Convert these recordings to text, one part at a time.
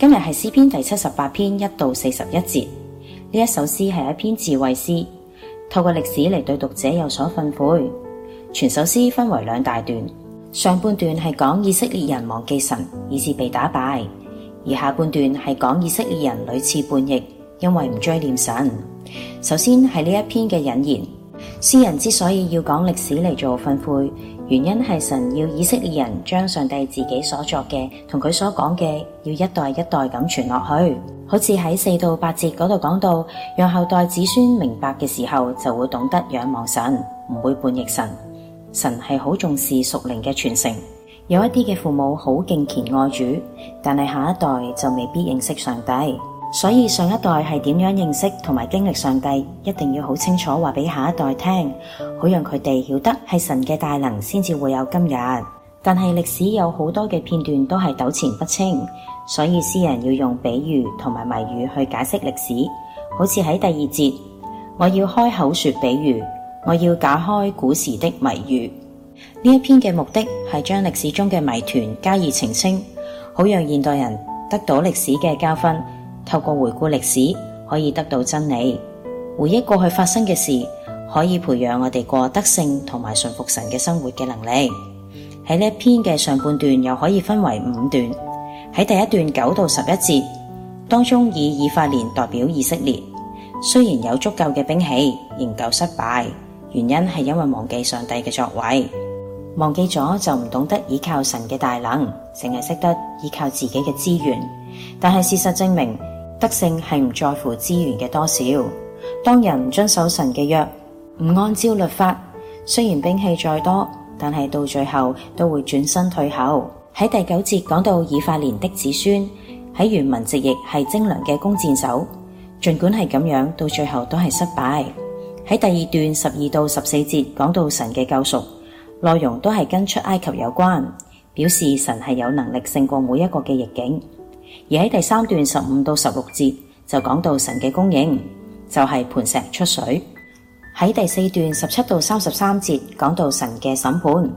今日係詩篇第七十八篇一到四十一節，呢一首詩係一篇智慧詩，透過歷史嚟對讀者有所訓誨。全首詩分為兩大段，上半段係講以色列人忘記神以致被打敗，而下半段係講以色列人屢次叛逆，因為唔追念神。首先係呢一篇嘅引言，詩人之所以要講歷史嚟做訓誨。原因係神要以色列人將上帝自己所作嘅同佢所講嘅，要一代一代咁傳落去。好似喺四到八節嗰度講到，讓後代子孫明白嘅時候，就會懂得仰望神，唔會叛逆神。神係好重視屬靈嘅傳承。有一啲嘅父母好敬虔愛主，但係下一代就未必認識上帝。所以上一代係點樣認識同埋經歷上帝，一定要好清楚話俾下一代聽，好讓佢哋曉得係神嘅大能，先至會有今日。但係歷史有好多嘅片段都係糾纏不清，所以詩人要用比喻同埋謎語去解釋歷史。好似喺第二節，我要開口說比喻，我要解開古時的謎語。呢一篇嘅目的係將歷史中嘅謎團加以澄清，好讓現代人得到歷史嘅教訓。透過回顧歷史可以得到真理，回憶過去發生嘅事可以培養我哋過德性同埋順服神嘅生活嘅能力。喺呢一篇嘅上半段又可以分為五段，喺第一段九到十一節當中，以以法蓮代表以色列，雖然有足夠嘅兵器，仍舊失敗，原因係因為忘記上帝嘅作為，忘記咗就唔懂得依靠神嘅大能，淨係識得倚靠自己嘅資源，但係事實證明。得勝係唔在乎資源嘅多少。當人唔遵守神嘅約，唔按照律法，雖然兵器再多，但係到最後都會轉身退後。喺 第九節講到以法蓮的子孫，喺原文直譯係精良嘅弓箭手。儘管係咁樣，到最後都係失敗。喺第二段十二到十四節講到神嘅救贖，內容都係跟出埃及有關，表示神係有能力勝過每一個嘅逆境。而喺第三段十五到十六節就講到神嘅供應，就係、是、磐石出水；喺第四段十七到三十三節講到神嘅審判。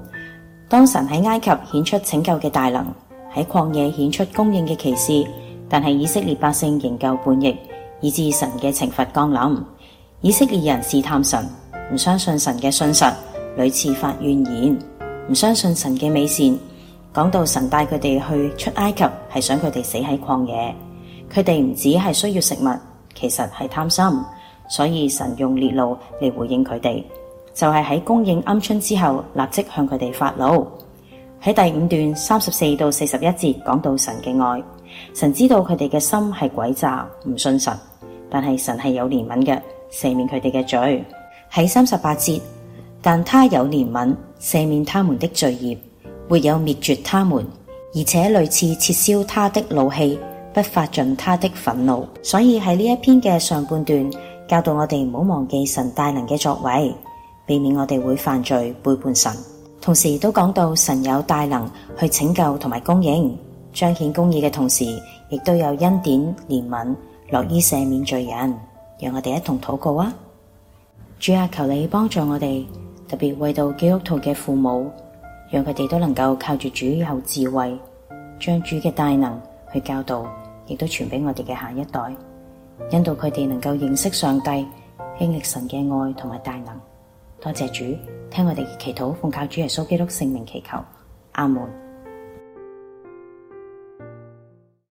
當神喺埃及顯出拯救嘅大能，喺曠野顯出供應嘅奇事，但係以色列百姓仍舊叛逆，以致神嘅懲罰降臨。以色列人試探神，唔相信神嘅信實，屢次發怨言，唔相信神嘅美善。講到神帶佢哋去出埃及，係想佢哋死喺曠野。佢哋唔止係需要食物，其實係貪心，所以神用烈怒嚟回應佢哋，就係、是、喺供應鵪鶉之後立即向佢哋發怒。喺第五段三十四到四十一節講到神嘅愛，神知道佢哋嘅心係詭詐，唔信神，但係神係有憐憫嘅，赦免佢哋嘅罪。喺三十八節，但他有憐憫，赦免他們的罪孽。沒有滅絕他們，而且屢次撤銷他的怒氣，不發盡他的憤怒。所以喺呢一篇嘅上半段，教導我哋唔好忘記神大能嘅作為，避免我哋會犯罪背叛神。同時都講到神有大能去拯救同埋供應，彰顯公義嘅同時，亦都有恩典憐憫，樂於赦免罪人。讓我哋一同禱告啊！主啊，求你幫助我哋，特別為到基督徒嘅父母。讓佢哋都能夠靠住主有智慧，將主嘅大能去教導，亦都傳俾我哋嘅下一代，引導佢哋能夠認識上帝，經歷神嘅愛同埋大能。多謝主，聽我哋祈禱，奉靠主耶穌基督聖名祈求，阿門。